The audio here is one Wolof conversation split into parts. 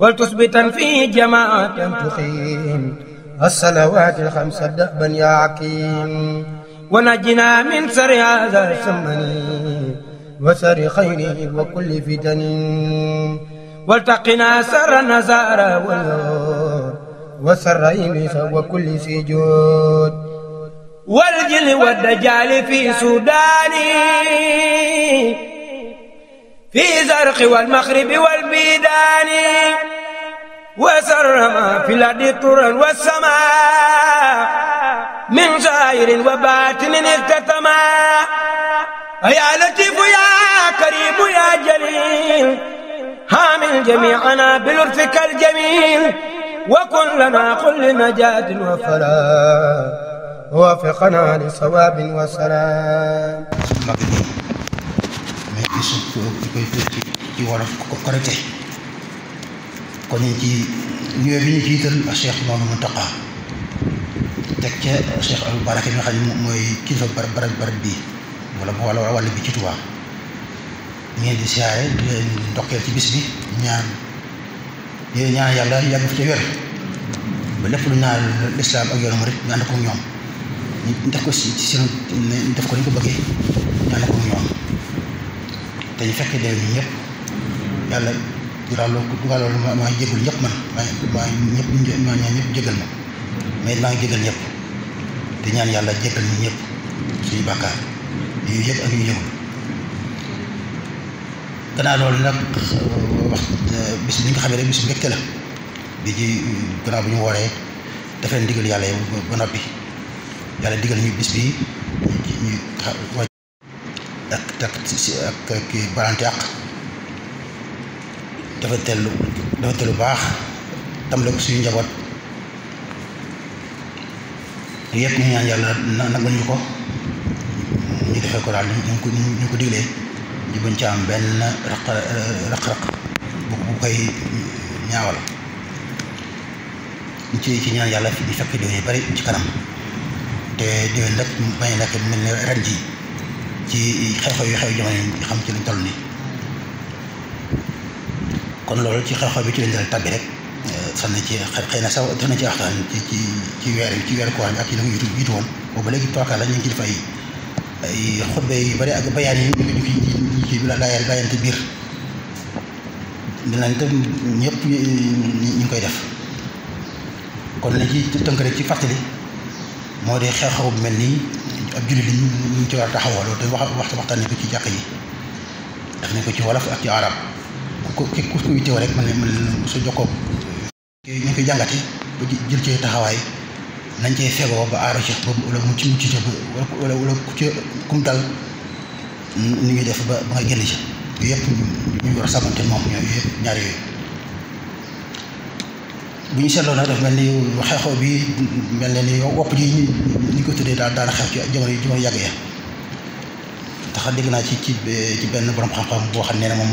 ولتثبتا في جماعة تقيم الصلوات الخمس دأبا يا عكيم ونجنا من سر هذا سمني وسر خيره وكل فتن والتقنا سر النزارى والنور وسر إبليس وكل سجود والجل والدجال في سوداني في زرق والمغرب والبيدان وسرما في الأرض طرا والسماء من ظاهر وباطن اختتما يا لطيف يا كريم يا جليل حامل جميعنا بلطفك الجميل وكن لنا كل نجاة وفلاح وافقنا لصواب وسلام mais gisoo ko di koy ci ci wolof ko korite kon ñu ngi ci nuyoo bi ñu jiital Cheikh Mamadou Mountakha teg ca Cheikh Abou Baraka mi nga xam ne mooy kilifa barab barab bi wala wala wàll bi ci Tuubaa ñu ngi di siyaare di leen ndokkeel ci bis bi ñaan di leen ñaan yàlla yàgg fi ca wér ba lépp lu naan lislaam ak yoonu murit ñu ànd ko ñoom ñu def ko si seen def ko ni ko bëggee ñu ànd ko ñoom te ñu fekk dee ñu ñëpp yàlla. dugal loolu dugal loolu maa maa jégalu ñëpp man maa maa ñëpp ñaan ñëpp jégal ma mais maa ngi jégal te ñaan yàlla jégal ñu ñëpp suñu bàkkaar yu yëg ak yu yëgul gannaaw loolu nag wax bis bi nga xam ne rek bis mbégte la bi ci gannaaw bu ñu wooree daf leen digal yàlla ba noppi yàlla digal ñu bis ak ak ak àq dafa tellu dafa tellu baax tam la ko suñu njaboot yëpp ñu ñaan yàlla nagul ñu ko ñu ko ñu ko ñu ko diglee ñu bañ am benn raq raq bu bu koy ñaawal ci ci ñaan yàlla fi ñu fekk déwén bari ci kanam te déwén nag bañ nekk mel ne ren ji ci xew-xew yu xew jamono yi xam ci lañ toll nii kon loolu ci xew-xew bi ci lañ daan tabbi rek euh, sax na ci xëy na sax def na ci waxtaan ci ci ci weer ci weer koor bi ak yi la mu jiitu boobu léegi tookaa la ñu ngi ci def ay ak bayaan yi ñu la laayal laayante biir tam ñëpp ñu ngi koy def kon la ci tënk rek ci fàttali moo di xew-xew bu mel nii ab jullit li ñu ñu ci war a taxawoo loolu te wax waxtaan nañ ko ci jàkk yi def nañ ko ci wolof ak ci arab ku ku ku yittewoo rek man man su jokkoo ñu ngi koy jàngati ba jël cee taxawaay nañ cee fegoo ba aaru ci ba wala mu ci mu ci ca wala wala ku ca kum dal ni ngi def ba ba nga génn ci yëpp ñu war a sàmmante moom ñoom yëpp ñaar yooyu bu ñu seetloo nag daf mel ni xeexoo bi mel ne ni wopp ji ñu ñu ko tuddee daal daana xew ci jamono jamono yàgg ya tax dégg naa ci ci ci benn borom xam-xam boo xam ne ne moom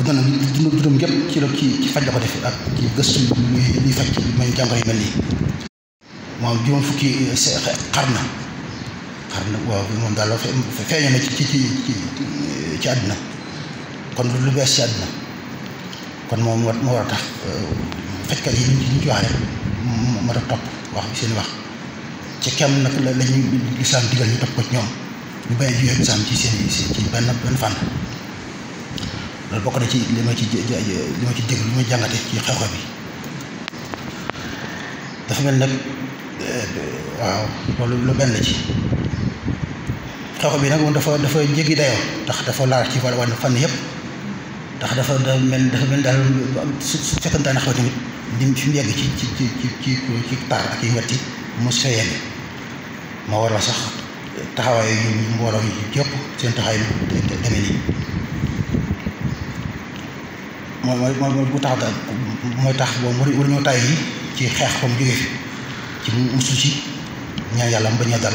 bu doon dund gépp ci la ci faj la ko def ak ci gëstu li ñuy faj ci may jàngoro yu mel nii waaw juróom fukki xar na xar na waaw moom daal feeñe na ci ci ci ci àdduna kon lu bees ci àdduna kon moom moo war a tax euh, fajkat yi ñu ñu ci wax rek moo tax topp wax bi seen wax ci kenn nag la lañuy lislaam digal ñu topp ko ci ñoom ñu bàyyi juyee lislaam ci seen ci benn fànn loolu bokk na ci li ma ci li ma ci dégg li ma ci xew-xew bi dafa mel nag eh, waaw lu benn la ci xew-xew bi nag moom dafa dafa jéggi dayoo ndax dafa laal ci wàllu fànn yëpp ndax dafa da mel dafa mel daal su su fekkantaan xew tamit lim fi mu yegg ci ci ci ci ci taar ak yu metti mu soo yegg moo waral sax taxawaay mbooloo yi yëpp seen taxawaay bi demee nii mooy mooy mooy bu tax da mooy tax boobu mu war ñoo tay yi ci xeex comme jóge ci musul ci ñaan yàlla mu bañ a dal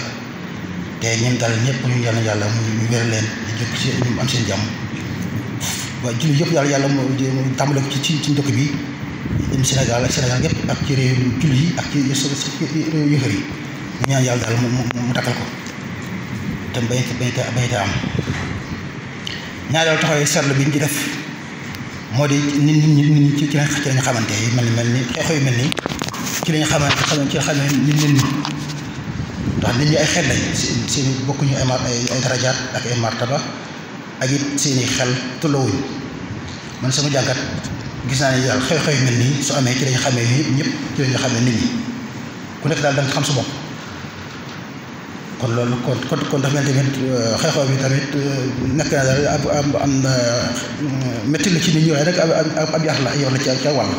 dal ñëpp ñu yàlla mu wér leen di jóg ci ñu am seen jàmm yëpp yàlla yàlla moo tàmbale ko ci ci dëkk bi senegal ak Sénégal yëpp ak ci réew jullit yi ak ci réew yëfër yi ñaan yàlla daal mu takkal ko te bañ bañ bañte am ñaareel taxawee seetlu bi ñu ci def moo di nit nit ñi ci ci lañ xamante yi mel ni mel ni xeexu yu mel nii ci lañ xamante xam ci xamee nit ñi ndax nit ñi ay xel lañ seen bokkuñu ay mar ay darajaat ak ay martaba ak it seen i xel tulluwuñu man sama jàngat gis naa ne daal xew-xew yu mel nii su amee ci lañ xamee ñëpp ci lañ xamee nit ñi ku nekk daal da nga xam su kon loolu kon kon kon dafa mel tamit euh, xeexoo bi tamit euh, na daal ab am la euh, ci nit ñi waaye rek ab ab yar la yoon la ci ca wàll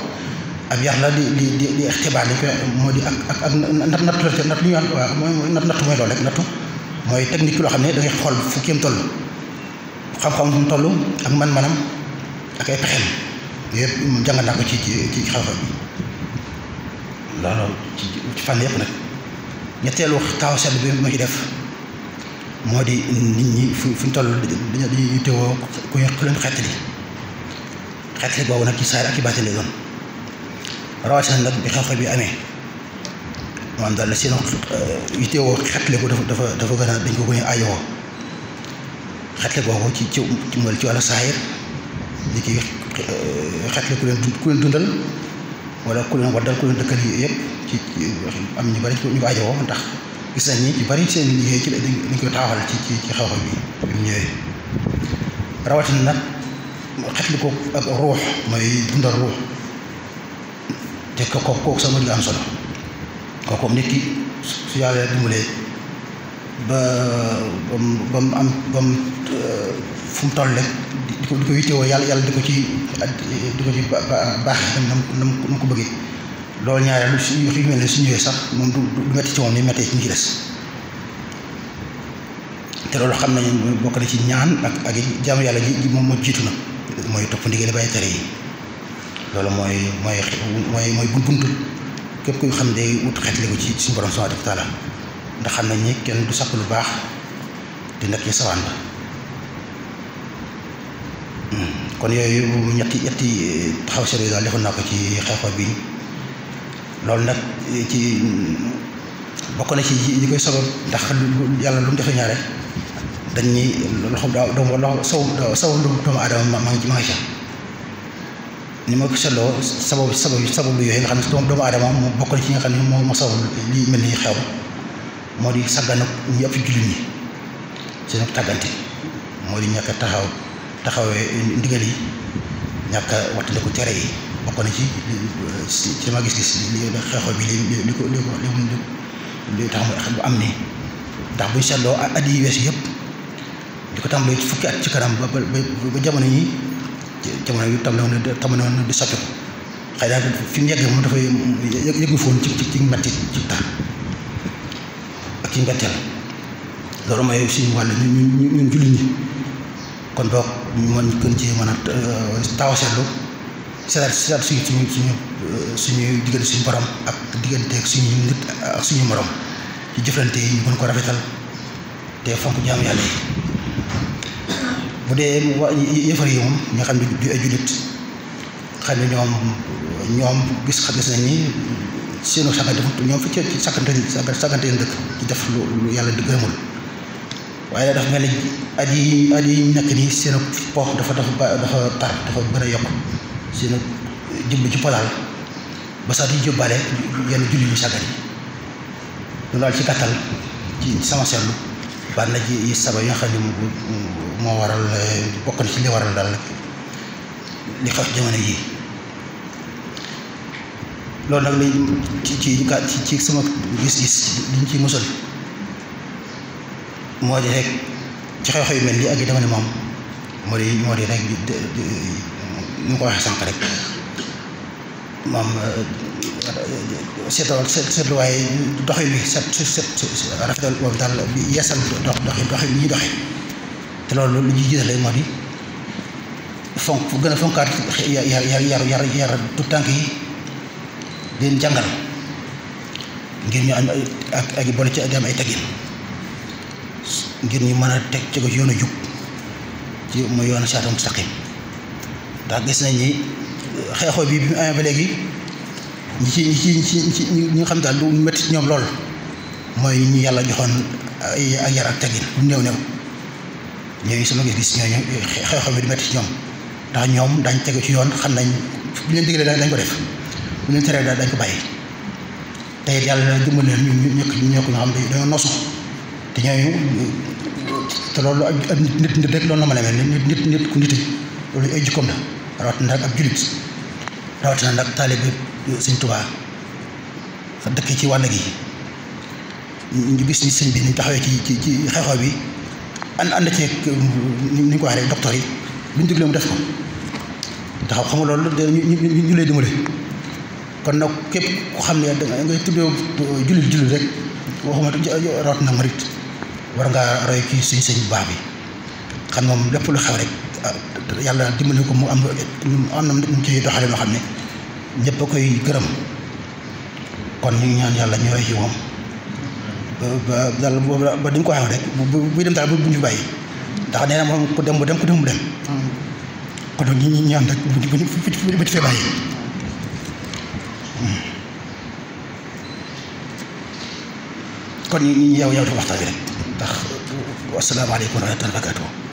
ab yar la di di di di xibaar yi moo di ak ak ak nat nattu la ci nattu ñu naan waaw mooy nattu mooy loolu rek nattu loo xam ne da xool fu kéem toll xam-xam fu toll ak man-manam ak ay pexeem yëpp jàng ko ci ci ci xeexoo bi loolu ci ci fànn nag. ñetteelu taw set bi mu ci def moo di nit ñi fu fu ñu toll dañuy yittewoo ku ñu leen xettali xettali boobu nag ci saar ak ci bàttali doon rawatina nag bi xew-xew bi amee moom daal la seen euh, yittewoo xettali ko dafa dafa dafa gën a dañ ko gën a ayoo xettali boobu ci ci ci wàllu saayir di kii euh, xettali ku leen ku leen dundal. wala ku leen waddal ku leen dëkkal yëpp ci am ñu bari ñu ko ajowoo ndax gis nañ ni ci bari seen liggéey ci dañ koy taxawal ci ci ci xew-xew bi bi mu ñëwee rawatina nag xetli ruux mooy dundal ruux te ko kooku sama di am solo kooku nit ki su yàlla dimbalee ba ba mu am ba mu euh, fu mu toll rek di ko di ko yittewoo yàlla yàlla di ko ci di ko ci baax na mu na mu ko bëggee loolu ñaareel su ñëwee sax moom du du métti ci moom ni méttee ci xam nañu bokk ci ñaan ak ak jaamu yàlla ji moom moo jiitu na mooy topp ndigal bàyyi tere yi loolu mooy mooy mooy mooy buntu képp kuy xam day wut xeetli ko ci suñu borom subhanahu wa taala ndax xam nañ ni kenn du sakk lu baax di nekk ci sawaan ba kon yooyu ñetti ñetti eh, taxaw seetlu daal defoon naa ko ci xeexoo bi loolu nag eh, ci bokk na ci ñi koy sabab ndax yàlla lu mu defee ñaare dañ ñi loxo doomu loxo saw saw doomu aadama ma ngi ni ma ko seetloo sababu sababu sababu yooyu nga xam ne doomu aadama moom bokk na ci nga xam ne moo moo sababu lii mel ni xew moo di sàggan ak ñëpp jullit ñi seen tàggante moo di ñàkk taxaw. taxawee ndigal yi ñàkk a wattandiku tere yi bokk na ci ci ma gis-gis li xeexoo bi li li ko li ko li tax mu am ni ndax buñ seetloo at yi wees yëpp ko ci fukki at ci kanam ba ba ba jamono yi jamono yi tam ne tam di soppi ko xëy na fi mu yeggee moom dafay yëgu foon ci ci mbatti ci taal ak ci mbetteel loolu mooy suñu wàll ñun ñun jullit ñi. kon boog ñu mën gën cee mën a euh, taw seetlu seetaat seetaat suñu suñu suñu euh, suñuy diggante suñu borom ak diggante ak suñu nit ak suñu moroom ci jëflante yi ñu mën ko rafetal te fonk jaamu yàlla yi bu dee yëfar yi moom ñi xam ne du ay jullit xam ne ñoom ñoom gis xam gis nañ ni seenu sàggante ñoom fi ci sàggante sàggante dëkk ci def lu yàlla di gërëmul waaye dafa mel ni at yi at yi nekk nii seen poox dafa dafa dafa tar dafa gën a yokk seen jublu ci polaal ba sax di jubbaale yenn julli yu sàggan yi daal ci gàttal ci sama seetlu bari na ci saba yi nga moo waral bokk na ci li waral daal li xew jamono yii loolu nag li ci ci ci sama gis-gis liñ ci musal moo di rek ci xew-xew yu mel nii ak yi dama ne moom moo di moo di rek ñu ko waxee sànq rek moom euh, seetal seetluwaay doxin bi set set rafetal boobu daal yeesal dox doxin doxin li ñuy te loolu lu ñuy jiitale moo di fonk gën a fonkaat yar yar yar yar yar tout tànk yi di leen jàngal ngir ñu am ak ak boole ci di am ay teggin ngir ñi mën a teg ci yoonu jub ci mu yoonu siraatal mustaqim ndax gis nañ ni euh, xeexoo bi bi mu amee ba léegi ñi ci ñi ci ñi ci ñi nga xam daal lu métti ci ñoom lool mooy ñu yàlla joxoon ay yar ak teggin lu néew néew ñooñu sama gis-gis ñooñu xeexoo bi du métti ci ñoom ndax ñoom dañ tegu ci yoon xam nañ bu leen digalee dañ ko def bu leen teree dañ ko bàyyi te it yàlla dimbali leen ñu ñu ñu ñoo ko ñoo xam ne dañoo noosu te ñooñu te loolu ak nit nit rek loolu la mel nit nit nit ku nite loolu ay jikkoom la rawatina nag ab julit rawatina nag taalib bi sëñ Tuubaa dëkk ci wàll gi ñu gis ni sëñ bi ñu taxawee ci ci ci xew-xew bi ànd ànd ci ni rek docteur yi lu ñu digle mu def ko taxaw ñu ñu lay dimbale kon nag képp ku xam ne da ngay tuddee jullit jullit rek waxuma rawatina murit war ngaa roy kii suñ sëñ bu baax bi xam moom lépp lu xew rek yàlla dimbali ko mu am am na mu ci doxale loo xam ne ñëpp a koy gërëm kon ñu ngi ñaan yàlla ñu roy ci moom ba ko xam rek bu buy dem ñu bàyyi ndax nee na moom dem bu dem ku dem bu ñu ñu ñaan rek bu fee bàyyi. Hmm. kon ñu ñu yow yow waxtaan bi rek. ndax wasalaamaaleykum wa rahmatulah wa barakatuh